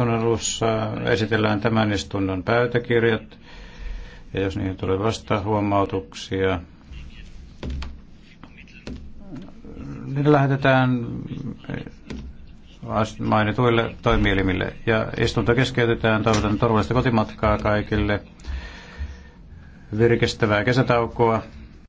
istunnon alussa esitellään tämän istunnon päätökirjat. Ja jos niihin tulee vasta huomautuksia, niin lähetetään mainituille toimielimille. Ja istunto keskeytetään. Toivotan turvallista kotimatkaa kaikille. Virkistävää kesätaukoa.